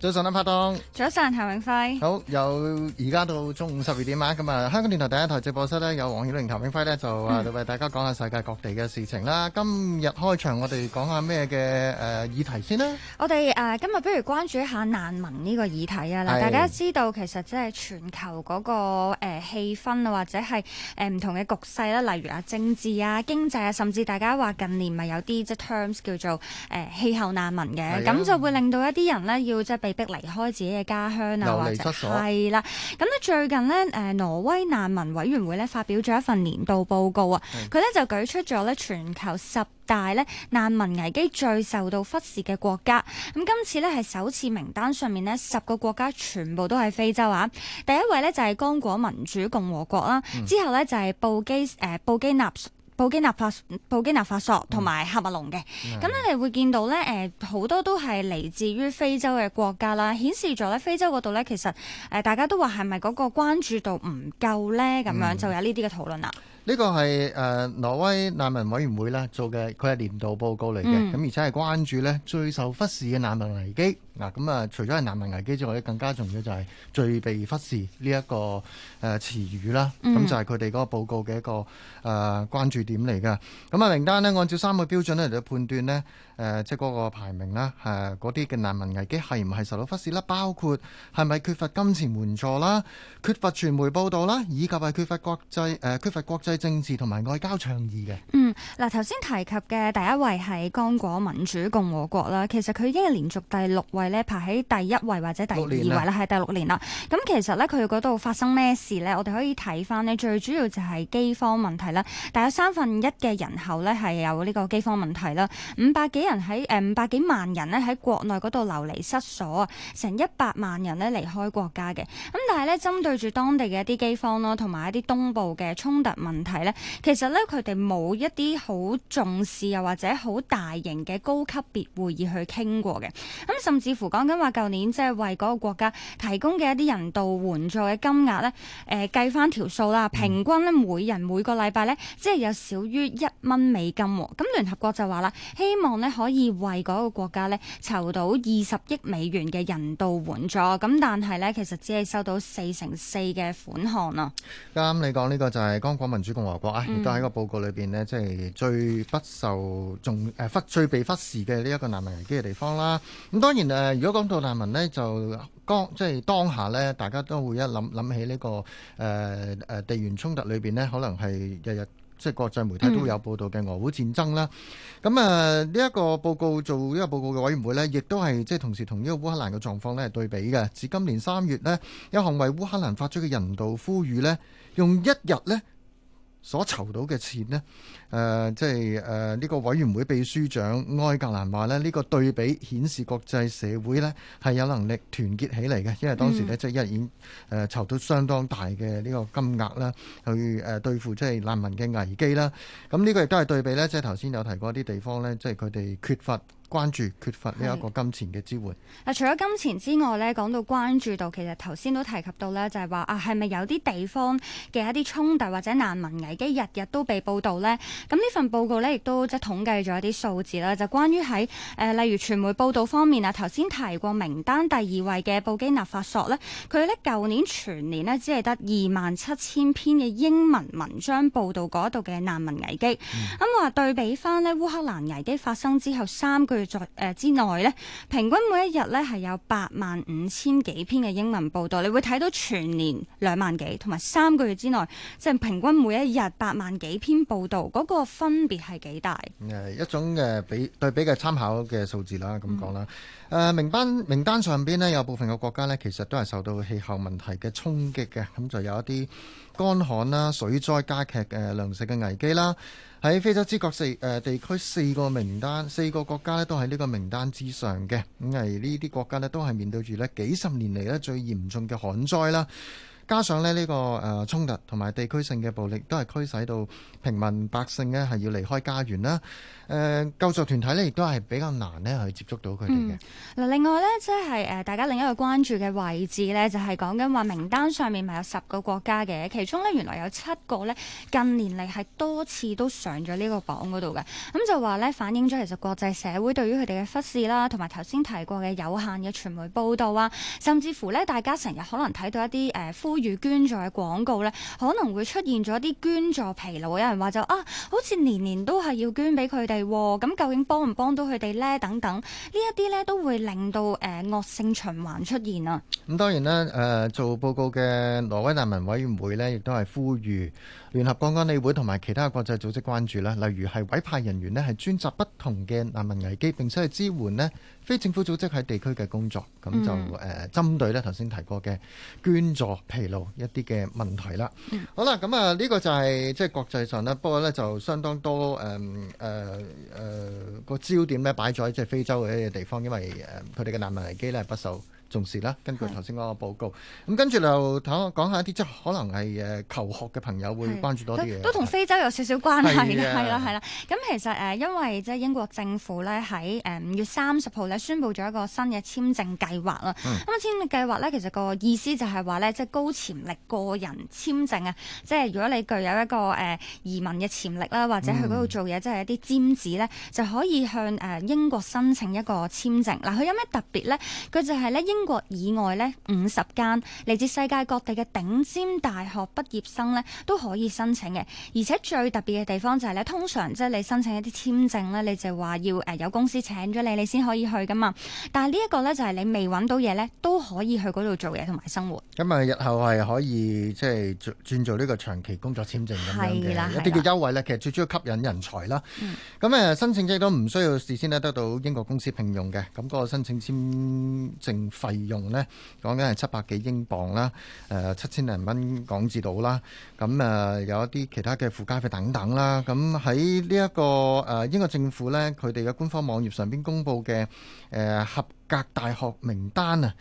早晨啦，拍檔。早晨，譚永輝。好，由而家到中午十二點晚咁啊！香港電台第一台直播室咧，有黃曉玲、譚永輝咧，就啊為大家講下世界各地嘅事情啦。今日開場，我哋講下咩嘅誒議題先啦。我哋誒今日不如關注一下難民呢個議題啊！嗱，大家知道其實即係全球嗰個誒氣氛啊，或者係誒唔同嘅局勢啦，例如啊政治啊、經濟啊，甚至大家話近年咪有啲即係 terms 叫做誒氣候難民嘅，咁就會令到一啲人咧要即係被。被逼離開自己嘅家鄉啊，或者係啦，咁咧最近咧，誒、呃，挪威難民委員會咧發表咗一份年度報告啊，佢咧、嗯、就舉出咗咧全球十大咧難民危機最受到忽視嘅國家，咁、嗯、今次咧係首次名單上面咧十個國家全部都係非洲啊，第一位咧就係剛果民主共和國啦，嗯、之後咧就係布基誒、呃、布基納。布基納法布基納法索同埋喀麥隆嘅，咁、嗯、你哋會見到咧，誒、呃、好多都係嚟自於非洲嘅國家啦，顯示咗咧非洲嗰度咧，其實誒、呃、大家都話係咪嗰個關注度唔夠咧？咁、嗯、樣就有呢啲嘅討論啦。呢個係誒挪威難民委員會啦做嘅，佢係年度報告嚟嘅，咁、嗯、而且係關注咧最受忽視嘅難民危機。嗱，咁啊，除咗係難民危機之外，咧更加重要就係最被忽視呢一個誒詞語啦。咁就係佢哋嗰個報告嘅一個誒關注點嚟嘅。咁啊，名單咧，按照三個標準咧嚟到判斷咧，誒，即係嗰個排名啦，誒，嗰啲嘅難民危機係唔係受到忽視啦？包括係咪缺乏金錢援助啦、缺乏傳媒報導啦，以及係缺乏國際誒缺乏國際政治同埋外交倡議嘅。嗯，嗱，頭先提及嘅第一位係剛果民主共和國啦，其實佢已經係連續第六位。咧排喺第一位或者第二位啦，係、啊、第六年啦。咁其實咧，佢嗰度發生咩事咧？我哋可以睇翻咧，最主要就係饑荒問題啦。大約三分一嘅人口咧，係有呢個饑荒問題啦。五百幾人喺誒、呃、五百幾萬人咧喺國內嗰度流離失所啊！成一百萬人咧離開國家嘅。咁但係咧，針對住當地嘅一啲饑荒咯，同埋一啲東部嘅衝突問題咧，其實咧佢哋冇一啲好重視又或者好大型嘅高級別會議去傾過嘅。咁甚至似乎講緊話，舊年即係為嗰個國家提供嘅一啲人道援助嘅金額咧，誒，計翻條數啦，平均咧每人每個禮拜呢，即係有少於一蚊美金。咁聯合國就話啦，希望呢可以為嗰個國家呢，籌到二十億美元嘅人道援助，咁但係呢，其實只係收到四成四嘅款項咯。啱、嗯嗯、你講呢、呢個就係剛果民主共和國啊，亦都喺個報告裏邊呢，即、就、係、是、最不受重誒忽最被忽視嘅呢一個難民危機嘅地方啦。咁當然誒，如果講到難民呢，就當即係當下咧，大家都會一諗諗起呢、這個誒誒、呃、地緣衝突裏邊呢，可能係日日即係國際媒體都會有報導嘅俄烏戰爭啦。咁啊、嗯，呢一個報告做呢個報告嘅委員會呢，亦都係即係同時同呢個烏克蘭嘅狀況呢係對比嘅。自今年三月呢，一項為烏克蘭發出嘅人道呼籲呢，用一日呢，所籌到嘅錢呢，誒、呃，即係誒呢個委員會秘書長埃格蘭話呢，呢、呢個對比顯示國際社會呢係有能力團結起嚟嘅，因為當時呢，嗯、即係已經誒籌到相當大嘅呢個金額啦，去誒對付即係難民嘅危機啦。咁、呢、呢個亦都係對比呢，即係頭先有提過一啲地方呢，即係佢哋缺乏關注缺乏呢一個金錢嘅支援。嗱、啊，除咗金錢之外咧，講到關注度，其實頭先都提及到咧，就係、是、話啊，係咪有啲地方嘅一啲衝突或者難民危機日日都被報道咧？咁呢份報告咧，亦都即係統計咗一啲數字啦，就關於喺誒例如傳媒報道方面啊，頭先提過名單第二位嘅布基納法索咧，佢咧舊年全年咧只係得二萬七千篇嘅英文文章報道嗰度嘅難民危機。咁話、嗯啊、對比翻咧，烏克蘭危機發生之後三個月。在誒之內咧，平均每一日咧係有八萬五千幾篇嘅英文報道，你會睇到全年兩萬幾，同埋三個月之內，即係平均每一日八萬幾篇報道，嗰、那個分別係幾大？誒、嗯、一種嘅比對比嘅參考嘅數字啦，咁講啦。誒、嗯呃、名單名單上邊呢，有部分嘅國家呢，其實都係受到氣候問題嘅衝擊嘅，咁就有一啲。乾旱啦、水災加劇嘅、呃、糧食嘅危機啦，喺非洲之角四誒、呃、地區四個名單四個國家咧，都喺呢個名單之上嘅，咁係呢啲國家咧，都係面對住咧幾十年嚟咧最嚴重嘅旱災啦，加上咧呢、呢個誒衝、呃、突同埋地區性嘅暴力，都係驅使到平民百姓咧係要離開家園啦。誒、呃、救助團體咧，亦都係比較難咧去接觸到佢哋嘅。嗱、嗯，另外咧，即係誒大家另一個關注嘅位置咧，就係講緊話名單上面咪有十個國家嘅，其中咧原來有七個咧近年嚟係多次都上咗呢個榜嗰度嘅。咁、嗯、就話咧反映咗其實國際社會對於佢哋嘅忽視啦，同埋頭先提過嘅有限嘅傳媒報道啊，甚至乎咧大家成日可能睇到一啲誒、呃、呼籲捐助嘅廣告咧，可能會出現咗啲捐助疲勞。有人話就啊，好似年，年年都係要捐俾佢哋。咁究竟幫唔幫到佢哋呢？等等呢一啲呢，都會令到誒惡性循環出現啊！咁當然啦，誒、呃、做報告嘅挪威難民委員會呢，亦都係呼籲聯合國安理會同埋其他國際組織關注啦，例如係委派人員呢，係專責不同嘅難民危機，並且係支援呢。非政府組織喺地區嘅工作，咁就誒針、呃、對咧頭先提過嘅捐助疲勞一啲嘅問題啦。 好啦，咁啊呢個就係、是、即係國際上咧，不過咧就相當多誒誒誒個焦點咧擺咗喺即係非洲嘅一啲地方，因為誒佢哋嘅難民危機咧不受重視啦，根據頭先嗰個報告。咁跟住就講講下一啲即係可能係誒求學嘅朋友會關注多啲嘢。都同非洲有少少關係啦，係啦係啦。咁其實誒，因為即係英國政府咧喺誒五月三十號咧宣布咗一個新嘅簽證計劃啦。咁啊，簽證計劃咧，其實個意思就係話咧，即係高潛力個人簽證啊，即係如果你具有一個誒移民嘅潛力啦，或者去嗰度做嘢，即係一啲尖子咧，就可以向誒英國申請一個簽證。嗱，佢有咩特別咧？佢就係咧英。英國以外咧五十間嚟自世界各地嘅頂尖大學畢業生咧都可以申請嘅，而且最特別嘅地方就係、是、咧，通常即係你申請一啲簽證咧，你就話要誒有公司請咗你，你先可以去噶嘛。但係呢一個咧就係你未揾到嘢咧，都可以去嗰度做嘢同埋生活。咁啊，日後係可以即係、就是、轉做呢個長期工作簽證咁樣嘅，的的一啲叫優惠咧，其實最主要吸引人才啦。咁誒、嗯，申請者都唔需要事先咧得到英國公司聘用嘅，咁、那個申請簽證費。費用呢講緊係七百幾英鎊啦，誒、呃，七千零蚊港紙到啦，咁、呃、啊有一啲其他嘅附加費等等啦。咁喺呢一個誒、呃，英國政府呢，佢哋嘅官方網頁上邊公布嘅誒、呃、合格大學名單啊。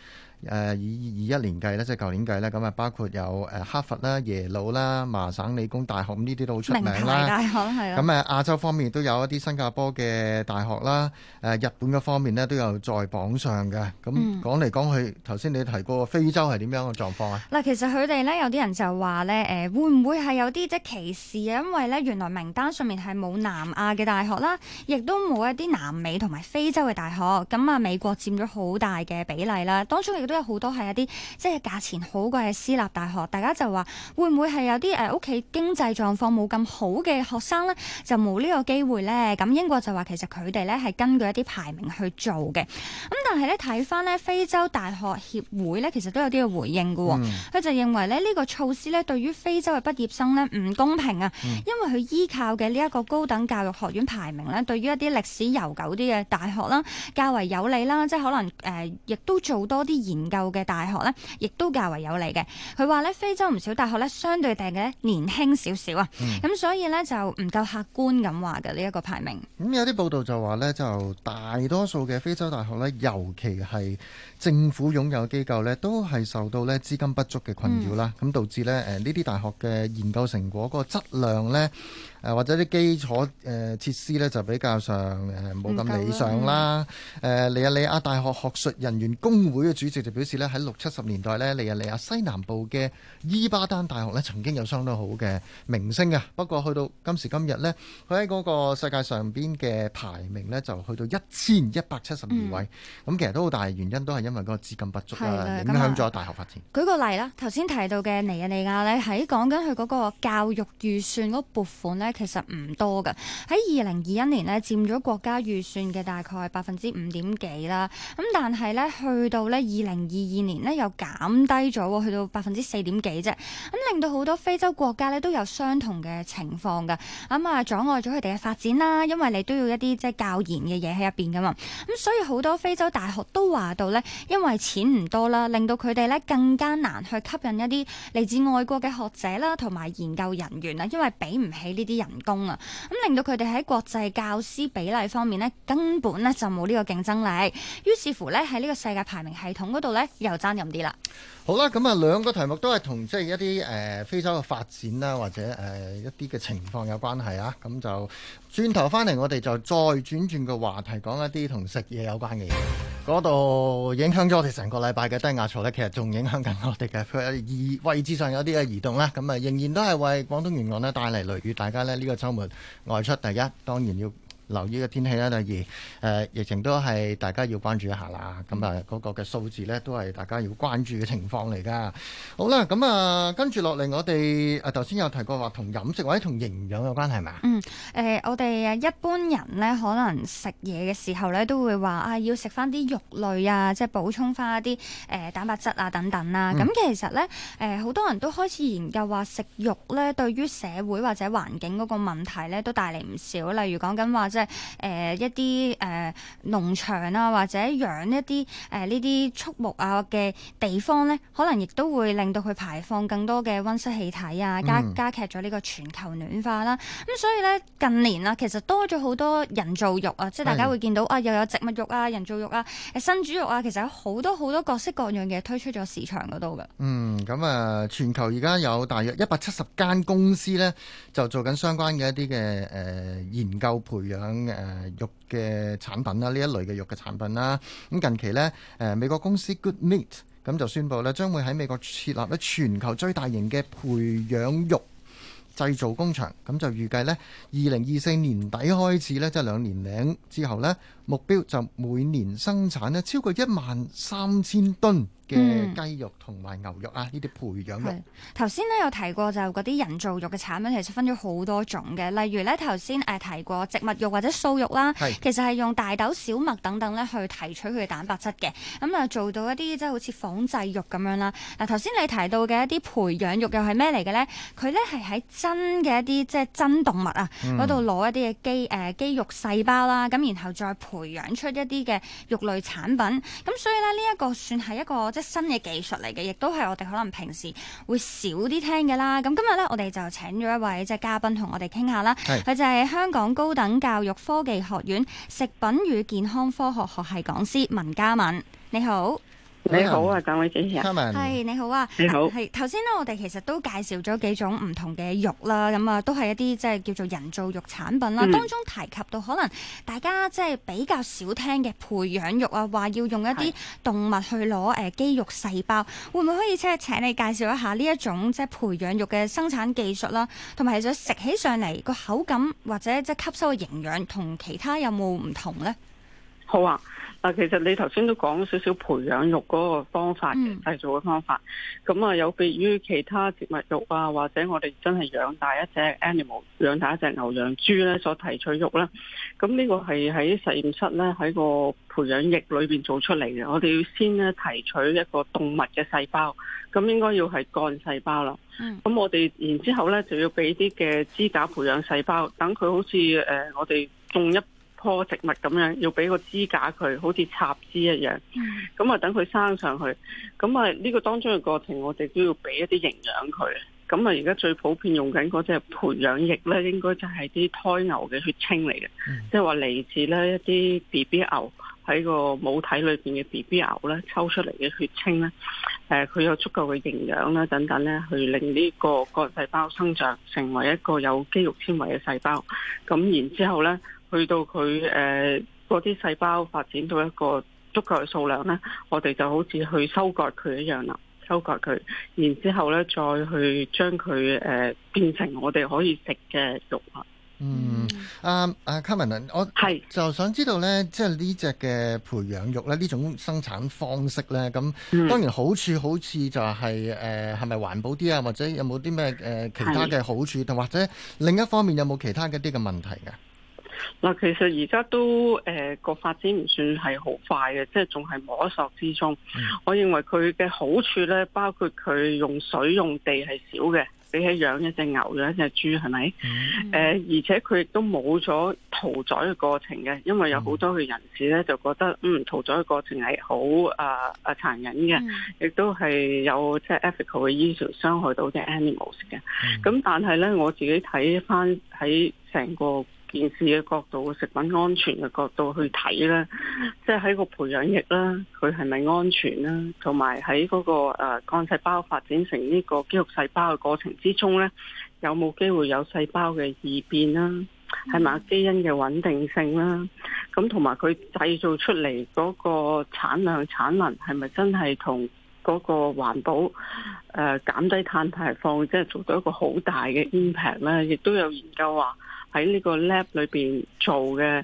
誒二二一年計咧，即係舊年計咧，咁啊包括有誒哈佛啦、耶魯啦、麻省理工大學呢啲都好出名啦。大，大學係咁啊，亞洲方面都有一啲新加坡嘅大學啦，誒日本嘅方面咧都有在榜上嘅。咁講嚟講去，頭先、嗯、你提過非洲係點樣嘅狀況咧？嗱，其實佢哋咧有啲人就話咧，誒會唔會係有啲即歧視啊？因為咧原來名單上面係冇南亞嘅大學啦，亦都冇一啲南美同埋非洲嘅大學。咁啊美，美國佔咗好大嘅比例啦，當中。都有好多係一啲即係價錢好貴嘅私立大學，大家就話會唔會係有啲誒屋企經濟狀況冇咁好嘅學生咧，就冇呢個機會咧？咁英國就話其實佢哋咧係根據一啲排名去做嘅，咁但係咧睇翻咧非洲大學協會咧，其實都有啲嘅回應嘅，佢、嗯、就認為咧呢、這個措施咧對於非洲嘅畢業生咧唔公平啊，嗯、因為佢依靠嘅呢一個高等教育學院排名咧，對於一啲歷史悠久啲嘅大學啦較為有利啦，即係可能誒亦、呃、都做多啲研。研究嘅大學呢，亦都較為有利嘅。佢話呢，非洲唔少大學呢，相對地呢年輕少少啊。咁、嗯、所以呢，就唔夠客觀咁話嘅呢一個排名。咁、嗯、有啲報道就話呢，就大多數嘅非洲大學呢，尤其係政府擁有機構呢，都係受到呢資金不足嘅困擾啦。咁、嗯、導致呢，誒呢啲大學嘅研究成果嗰個質量呢。誒或者啲基礎誒設施呢，就比較上誒冇咁理想啦。誒尼日利亞大學學術人員工會嘅主席就表示呢，喺六七十年代咧，尼日利亞西南部嘅伊巴丹大學咧曾經有相當好嘅名聲啊。不過去到今時今日呢，佢喺嗰個世界上邊嘅排名呢，就去到一千一百七十二位。咁、嗯、其實都好大原因都係因為嗰個資金不足啦，影響咗大學發展。舉個例啦，頭先提到嘅尼日利亞呢，喺講緊佢嗰個教育預算嗰撥款呢。其實唔多噶，喺二零二一年呢佔咗國家預算嘅大概百分之五點幾啦。咁但係呢，去到呢二零二二年呢，又減低咗，去到百分之四點幾啫。咁令到好多非洲國家呢，都有相同嘅情況噶，咁啊阻礙咗佢哋嘅發展啦。因為你都要一啲即係教研嘅嘢喺入邊噶嘛。咁所以好多非洲大學都話到呢，因為錢唔多啦，令到佢哋呢更加難去吸引一啲嚟自外國嘅學者啦，同埋研究人員啦。因為比唔起呢啲。人工啊，咁令到佢哋喺國際教師比例方面咧，根本咧就冇呢個競爭力，於是乎咧喺呢個世界排名系統嗰度咧又爭任啲啦。好啦，咁啊，兩個題目都係同即係一啲誒、呃、非洲嘅發展啦，或者誒、呃、一啲嘅情況有關係啊。咁就轉頭翻嚟，我哋就再轉轉個話題，講一啲同食嘢有關嘅嘢。嗰 度影響咗我哋成個禮拜嘅低壓槽咧，其實仲影響緊我哋嘅位置上有啲嘅移動啦。咁啊，仍然都係為廣東沿岸呢帶嚟雷雨。大家呢，呢、呢個周末外出第一，當然要留意嘅天氣啦，例如誒疫情都係大家要關注一下啦。咁、嗯、啊，嗰、那個嘅數字呢都係大家要關注嘅情況嚟㗎。好啦，咁啊跟住落嚟，我哋啊頭先有提過話同飲食或者同營養有關係嘛？嗯誒、呃，我哋啊一般人呢，可能食嘢嘅時候呢，都會話啊要食翻啲肉類啊，即係補充翻一啲誒、呃、蛋白質啊等等啦、啊。咁、嗯、其實呢，誒、呃、好多人都開始研究話食肉呢對於社會或者環境嗰個問題呢都帶嚟唔少，例如講緊話誒、呃，一啲誒農場啦、啊，或者養一啲誒呢啲畜牧啊嘅地方咧，可能亦都會令到佢排放更多嘅溫室氣體啊，加加劇咗呢個全球暖化啦。咁、嗯、所以咧，近年啊，其實多咗好多人造肉啊，即係大家會見到是啊，又有植物肉啊、人造肉啊、新豬肉啊，其實有好多好多各式各樣嘅推出咗市場嗰度嘅。嗯，咁啊、呃，全球而家有大約一百七十間公司咧，就做緊相關嘅一啲嘅誒研究培養。等肉嘅產品啦，呢一類嘅肉嘅產品啦，咁近期呢，誒美國公司 Good Meat 咁就宣布呢，將會喺美國設立呢全球最大型嘅培養肉製造工場，咁就預計呢，二零二四年底開始呢，即係兩年零之後呢，目標就每年生產呢超過一萬三千噸。嘅、嗯、雞肉同埋牛肉啊，呢啲培養肉。頭先咧有提過就嗰啲人造肉嘅產品，其實分咗好多種嘅。例如咧頭先誒提過植物肉或者素肉啦，的其實係用大豆、小麥等等咧去提取佢嘅蛋白質嘅。咁、嗯、啊做到一啲即係好似仿製肉咁樣啦。嗱頭先你提到嘅一啲培養肉又係咩嚟嘅咧？佢咧係喺真嘅一啲即係真動物啊嗰度攞一啲嘅肌誒肌肉細胞啦，咁然後再培養出一啲嘅肉類產品。咁所以咧呢、呢個、一個算係一個新嘅技術嚟嘅，亦都係我哋可能平時會少啲聽嘅啦。咁今日咧，我哋就請咗一位即係嘉賓同我哋傾下啦。佢是就係香港高等教育科技學院食品與健康科學學系講師文嘉敏。你好。你好啊，好各位主持人，係。Herman, 你好啊，你好，係頭先咧，我哋其實都介紹咗幾種唔同嘅肉啦，咁啊，都係一啲即係叫做人造肉產品啦。當中提及到可能大家即係比較少聽嘅培養肉啊，話要用一啲動物去攞誒肌肉細胞，會唔會可以即係請你介紹一下呢一種即係培養肉嘅生產技術啦，同埋係想食起上嚟個口感或者即係吸收嘅營養同其他有冇唔同呢？好啊！嗱，其實你頭先都講咗少少培養肉嗰個方法嘅、嗯、製造嘅方法，咁啊有別於其他植物肉啊，或者我哋真係養大一隻 animal，養大一隻牛、羊豬咧所提取肉啦。咁呢個係喺實驗室咧喺個培養液裏邊做出嚟嘅。我哋要先咧提取一個動物嘅細胞，咁應該要係幹細胞啦。咁、嗯、我哋然之後咧就要俾啲嘅支架培養細胞，等佢好似誒、呃、我哋種一棵植物咁樣要俾個支架佢，好似插枝一樣。咁啊、嗯，等佢生上去。咁啊，呢個當中嘅過程，我哋都要俾一啲營養佢。咁啊，而家最普遍用緊嗰隻培養液呢，應該就係啲胎牛嘅血清嚟嘅，即係話嚟自呢一啲 B B 牛喺個母體裏邊嘅 B B 牛呢，抽出嚟嘅血清呢，誒、呃，佢有足夠嘅營養啦，等等呢去令呢個個細胞生長成為一個有肌肉纖維嘅細胞。咁然之後咧。去到佢誒嗰啲細胞發展到一個足夠嘅數量咧，我哋就好似去收割佢一樣啦，收割佢，然之後咧再去將佢誒變成我哋可以食嘅肉、嗯、啊。嗯是，阿阿 Carmen 我係就想知道咧，即係呢隻嘅培養肉咧，呢種生產方式咧，咁當然好處好似就係誒係咪環保啲啊，或者有冇啲咩誒其他嘅好處，同是或者另一方面有冇其他嘅啲嘅問題嘅？嗱，其實而家都誒個、呃、發展唔算係好快嘅，即係仲係摸索之中。嗯、我認為佢嘅好處咧，包括佢用水用地係少嘅，比起養一隻牛、養一隻豬係咪？誒、嗯呃，而且佢亦都冇咗屠宰嘅過程嘅，因為有好多嘅人士咧就覺得，嗯，屠宰嘅過程係好啊啊殘忍嘅，亦、嗯、都係有即係 ethical 嘅 issues 傷害到啲 animals 嘅。咁、嗯嗯、但係咧，我自己睇翻喺成個。件事嘅角度，食品安全嘅角度去睇咧，即係喺個培養液啦，佢係咪安全啦？同埋喺嗰個誒幹細胞發展成呢個肌肉細胞嘅過程之中咧，有冇機會有細胞嘅異變啦？係咪基因嘅穩定性啦？咁同埋佢製造出嚟嗰個產量產能係咪真係同嗰個環保誒減低碳排放即係、就是、做到一個好大嘅 impact 咧？亦都有研究話。喺呢個 lab 裏邊做嘅誒、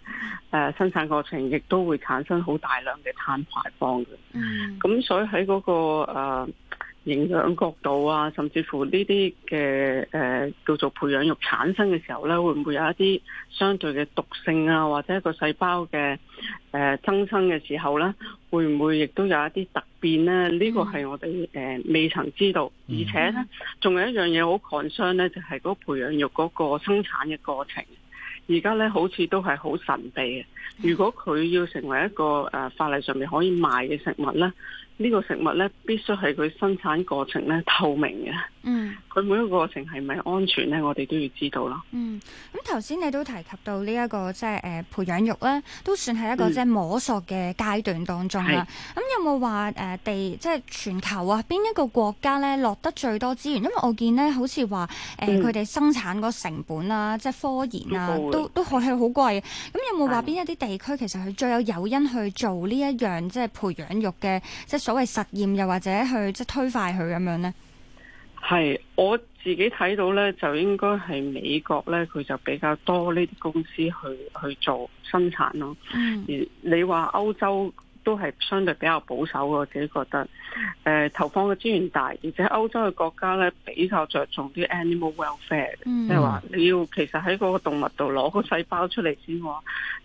呃、生產過程，亦都會產生好大量嘅碳排放嘅。嗯，咁所以喺嗰個誒、呃、營養角度啊，甚至乎呢啲嘅誒叫做培養肉產生嘅時候咧，會唔會有一啲相對嘅毒性啊，或者一個細胞嘅誒、呃、增生嘅時候咧？會唔會亦都有一啲突變呢？呢、嗯、個係我哋誒、呃、未曾知道，而且呢，仲有一樣嘢好 concern 呢，就係、是、嗰培養肉嗰個生產嘅過程，而家呢，好似都係好神秘。如果佢要成為一個誒、呃、法例上面可以賣嘅食物呢。呢個食物咧必須係佢生產過程咧透明嘅，嗯，佢每一個過程係咪安全咧？我哋都要知道咯。嗯，咁頭先你都提及到呢、這、一個即係誒培養肉咧，都算係一個即係摸索嘅階段當中啦。咁、嗯、有冇話誒地即係、就是、全球啊，邊一個國家咧落得最多資源？因為我見咧好似話誒佢哋生產嗰成本啊，即係科研啊，都都好係好貴啊。咁有冇話邊一啲地區其實佢最有誘因去做呢一樣即係培養肉嘅？即所謂實驗又或者去即係推快佢咁樣呢？係我自己睇到呢，就應該係美國呢，佢就比較多呢啲公司去去做生產咯。 而你話歐洲？都係相對比較保守嘅，我自己覺得誒、呃，投放嘅資源大，而且歐洲嘅國家咧比較着重啲 animal welfare、嗯、即係話你要其實喺嗰個動物度攞個細胞出嚟先，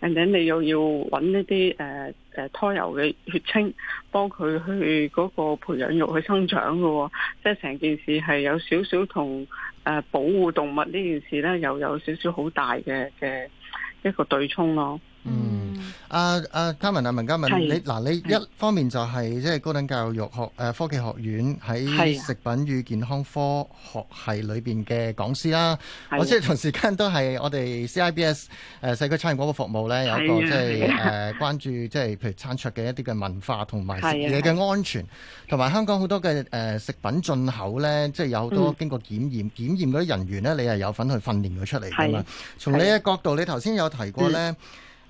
嗯、然後你又要揾呢啲誒誒胎油嘅血清幫佢去嗰個培養肉去生長嘅、哦，即係成件事係有少少同誒、呃、保護動物呢件事咧又有少少好大嘅嘅一個對沖咯。嗯，阿阿嘉敏啊，文嘉敏，你嗱的、啊、你一方面就係即係高等教育學誒、啊、科技學院喺食品與健康科學系裏邊嘅講師啦，我即係同時間都係我哋 CIBS 誒社區餐飲廣告服務咧有一個即係誒關注即係譬如餐桌嘅一啲嘅文化同埋食嘢嘅安全，同埋香港好多嘅誒、啊、食品進口咧，即、就、係、是、有好多經過檢驗檢驗嗰啲人員咧，你係有份去訓練佢出嚟嘅嘛？從你嘅角度，你頭先有提過咧的。的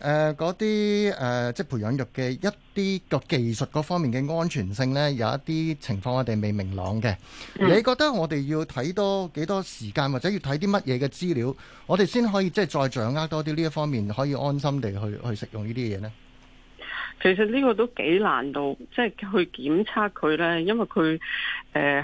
誒嗰啲誒即係培養肉嘅一啲個技術嗰方面嘅安全性呢，有一啲情況我哋未明朗嘅。嗯、你覺得我哋要睇多幾多時間，或者要睇啲乜嘢嘅資料，我哋先可以即係再掌握多啲呢一方面，可以安心地去去食用呢啲嘢呢？其實呢個都幾難度，即係去檢測佢呢，因為佢誒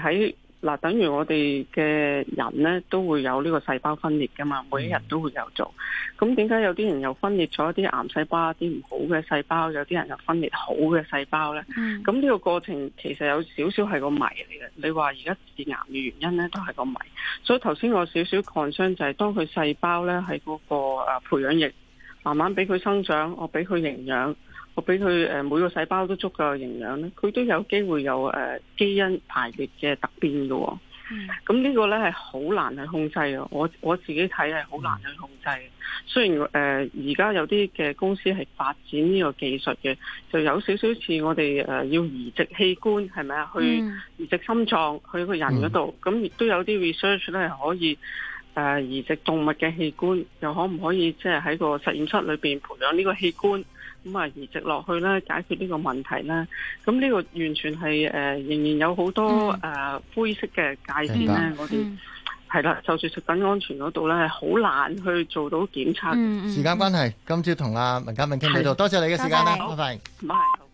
喺，呃嗱，等於我哋嘅人咧都會有呢個細胞分裂噶嘛，每一日都會有做。咁點解有啲人又分裂咗一啲癌細胞、一啲唔好嘅細胞，有啲人又分裂好嘅細胞咧？咁呢、嗯、個過程其實有少少係個謎嚟嘅。你話而家致癌嘅原因咧都係個謎。所以頭先我少少 concern 就係、是、當佢細胞咧喺嗰個培養液慢慢俾佢生長，我俾佢營養。俾佢誒每個細胞都足夠營養咧，佢都有機會有誒、呃、基因排列嘅突變嘅喎、哦。咁呢、嗯、個咧係好難去控制嘅。我我自己睇係好難去控制。雖然誒而家有啲嘅公司係發展呢個技術嘅，就有少少似我哋誒、呃、要移植器官係咪啊？去移植心臟去個人嗰度，咁亦都有啲 research 咧係可以誒、呃、移植動物嘅器官，又可唔可以即係喺個實驗室裏邊培養呢個器官？咁啊移植落去咧，解決呢個問題咧。咁呢個完全係誒，仍然有好多誒灰色嘅界線咧。嗰啲係啦，就算食品安全嗰度咧，係好難去做到檢測。時間關係，今朝同阿文嘉敏傾到多謝你嘅時間啦，拜拜。